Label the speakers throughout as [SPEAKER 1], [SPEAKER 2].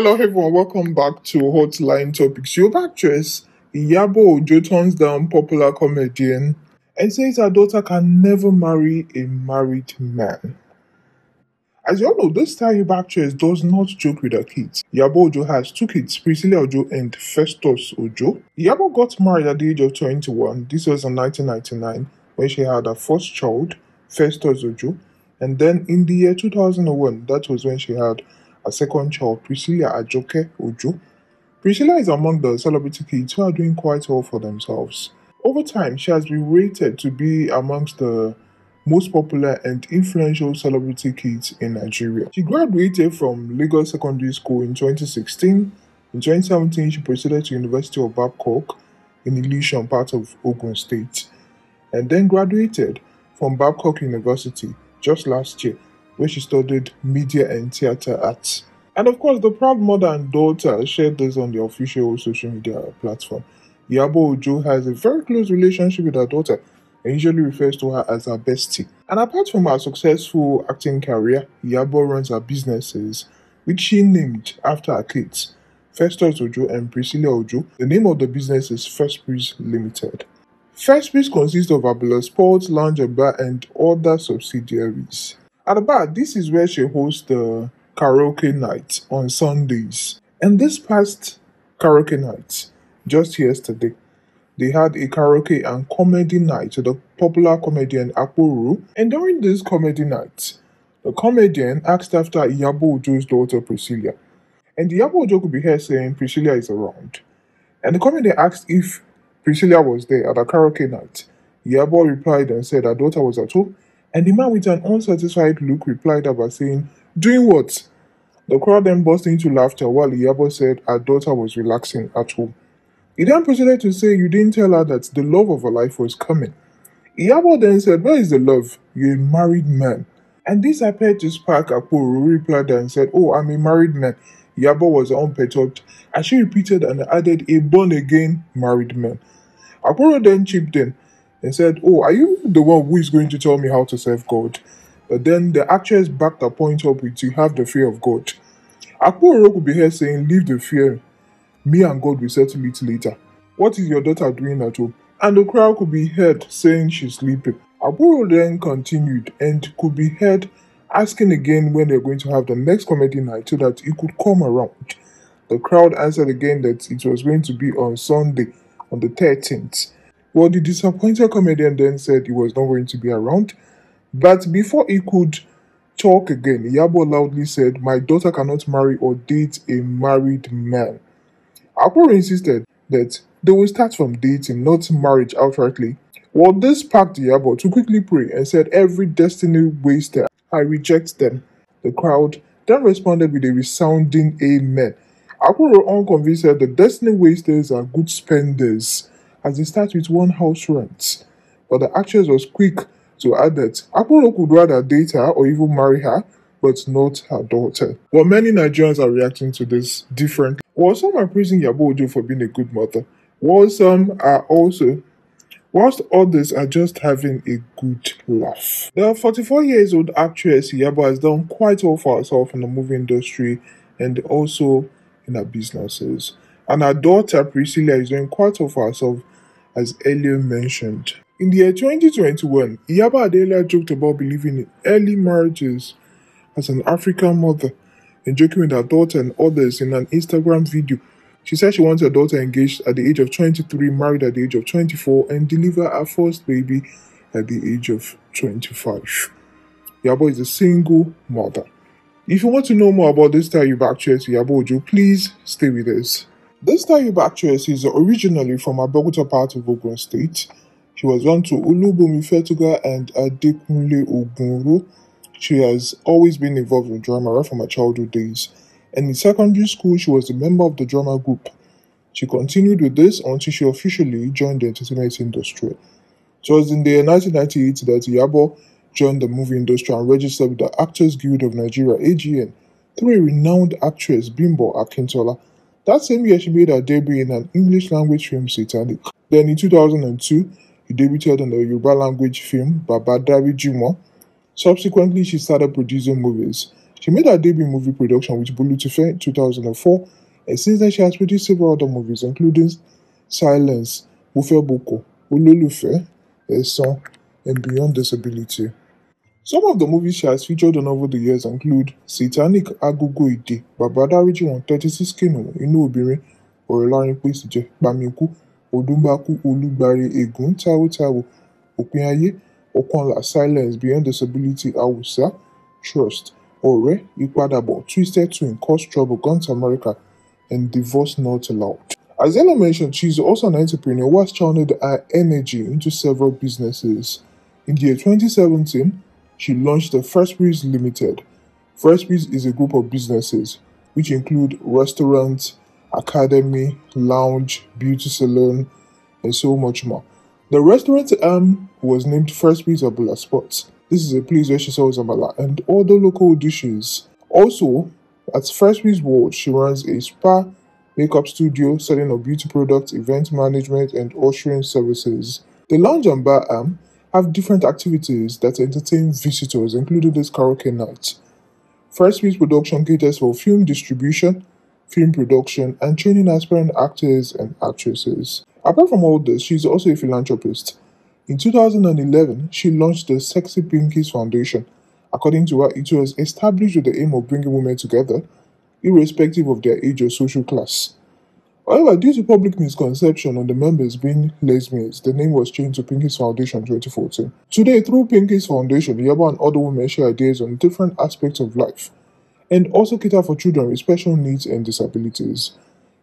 [SPEAKER 1] Hello, everyone. Welcome back to Hotline Topics. Your actress Yabo Ojo turns down popular comedian and says her daughter can never marry a married man. As you all know, this star Yoruba actress does not joke with her kids. Yabo Ojo has two kids, Priscilla Ojo and Festus Ojo. Yabo got married at the age of 21. This was in 1999 when she had her first child, Festus Ojo. And then in the year 2001, that was when she had her second child, Priscilla Ajoke Ojo. Priscilla is among the celebrity kids who are doing quite well for themselves. Over time, she has been rated to be amongst the most popular and influential celebrity kids in Nigeria. She graduated from Lagos Secondary School in 2016. In 2017, she proceeded to University of Babcock in Ilishan, part of Ogun State, and then graduated from Babcock University just last year where she studied media and theater arts. And of course, the proud mother and daughter shared this on the official social media platform. Yabo Ojo has a very close relationship with her daughter and usually refers to her as her bestie. And apart from her successful acting career, Yabo runs her businesses, which she named after her kids, Festus Ojo and Priscilla Ojo. The name of the business is First Limited. First consists of Abula Sports, Lounge Bar, and other subsidiaries. At the back, this is where she hosts the karaoke night on Sundays. And this past karaoke night, just yesterday, they had a karaoke and comedy night with the popular comedian Akuru. And during this comedy night, the comedian asked after Yabo Ojo's daughter Priscilla. And Yabo Ojo could be heard saying Priscilla is around. And the comedian asked if Priscilla was there at the karaoke night. Yabo replied and said her daughter was at home and the man with an unsatisfied look replied about saying, Doing what? The crowd then burst into laughter while Iyabo said her daughter was relaxing at home. He then proceeded to say, You didn't tell her that the love of her life was coming. Iyabo then said, Where is the love? You're a married man. And this appeared to spark Akporo, who replied and said, Oh, I'm a married man. Iyabo was unperturbed, and she repeated and added, A born again married man. Akporo then chipped in and said, Oh, are you the one who is going to tell me how to serve God? But then the actress backed the point up with, You have the fear of God. Akpo could be here saying, Leave the fear. Me and God will settle it later. What is your daughter doing at home? And the crowd could be heard saying she's sleeping. Aburo then continued and could be heard asking again when they're going to have the next comedy night so that it could come around. The crowd answered again that it was going to be on Sunday, on the 13th. Well, the disappointed comedian then said he was not going to be around, but before he could talk again, Yabo loudly said, My daughter cannot marry or date a married man. Akpor insisted that they will start from dating, not marriage outrightly. Well, this sparked Yabo to quickly pray and said, Every destiny waster, I reject them. The crowd then responded with a resounding amen. Akporo unconvinced said, The destiny wasters are good spenders as they start with one house rent. But the actress was quick to add that Akpolo could rather date her or even marry her, but not her daughter. While many Nigerians are reacting to this differently, while some are praising Yabo Ojo for being a good mother, while some are also whilst others are just having a good laugh. The 44 years old actress Yabo has done quite well for herself in the movie industry and also in her businesses and her daughter Priscilla is doing quite of herself, as earlier mentioned. In the year 2021, Iyaba Adela joked about believing in early marriages as an African mother and joking with her daughter and others in an Instagram video. She said she wants her daughter engaged at the age of 23, married at the age of 24, and deliver her first baby at the age of 25. Yabo is a single mother. If you want to know more about this type of actress, Yabo Ojo, please stay with us. This of actress is originally from Abogota part of Ogun State. She was born to Olúbùnmi Fẹ́túgà and Adékúnlé Ogunru. She has always been involved in drama right from her childhood days. And in secondary school, she was a member of the drama group. She continued with this until she officially joined the entertainment industry. It was in the 1998 that Yabo joined the movie industry and registered with the Actors Guild of Nigeria, AGN, through a renowned actress, Bimbo Akintola. That same year, she made her debut in an English language film, Satanic. Then in 2002, she debuted in the Yoruba language film, Baba Dari Jumo. Subsequently, she started producing movies. She made her debut movie production with Bulu in 2004, and since then she has produced several other movies, including Silence, Mufe Boko, Ololufe, Eson, and Beyond Disability. Some of the movies she has featured on over the years include Satanic Agogo Ide, Baba Dáríjì 136 Kìnìún, Inú Obìnrin, Ọ̀rẹ́lárinpé Ìsìjẹ́, Bámiikú, Odúnbákú, Olúgbáre, Ègún, Táwótáwó, Òpin Okunaye Okonla Silence, Beyond Disability, Awùsá, Trust, Ọ̀rẹ́, Ìpadàbọ̀, Twisted Twin, Cause Trouble, Guns America, and Divorce Not Allowed. As Ella mentioned, she is also an entrepreneur who has channeled her energy into several businesses. In the year 2017, she launched the Breeze Limited. Breeze is a group of businesses which include restaurants, academy, lounge, beauty salon, and so much more. The restaurant arm um, was named Freshberries Abula Sports. This is a place where she sells amala and other local dishes. Also, at Freshberries World, she runs a spa makeup studio, selling of beauty products, event management, and ushering services. The lounge and bar arm um, have different activities that entertain visitors, including this karaoke night. First Week's production caters for film distribution, film production, and training aspiring actors and actresses. Apart from all this, she is also a philanthropist. In 2011, she launched the Sexy Pinkies Foundation. According to her, it was established with the aim of bringing women together, irrespective of their age or social class. However, due to public misconception on the members being lesbians, the name was changed to Pinky's Foundation 2014. Today, through Pinky's Foundation, Yaba and other women share ideas on different aspects of life and also cater for children with special needs and disabilities.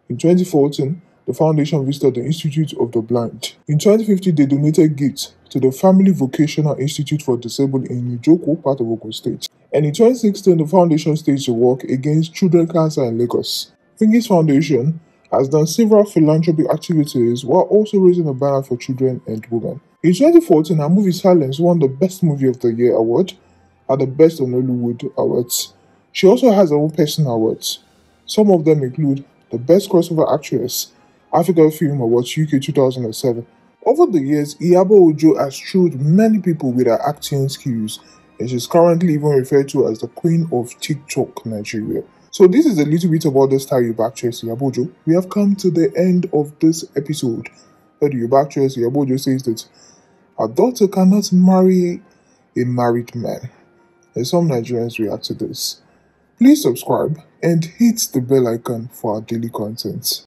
[SPEAKER 1] In 2014, the foundation visited the Institute of the Blind. In 2015, they donated gifts to the Family Vocational Institute for Disabled in Ijoku part of Ogun State. And in 2016, the foundation staged a work against children cancer in Lagos. Pinky's Foundation has done several philanthropic activities while also raising a banner for children and women. In 2014, her movie Silence won the Best Movie of the Year award at the Best of Hollywood Awards. She also has her own personal awards. Some of them include the Best Crossover Actress, Africa Film Awards UK 2007. Over the years, Iyabo Ojo has thrilled many people with her acting skills, and she's currently even referred to as the Queen of TikTok Nigeria. So this is a little bit about the style Yoruba actress Yabojo. We have come to the end of this episode. The Yoruba actress Yabojo says that a daughter cannot marry a married man. And some Nigerians react to this. Please subscribe and hit the bell icon for our daily content.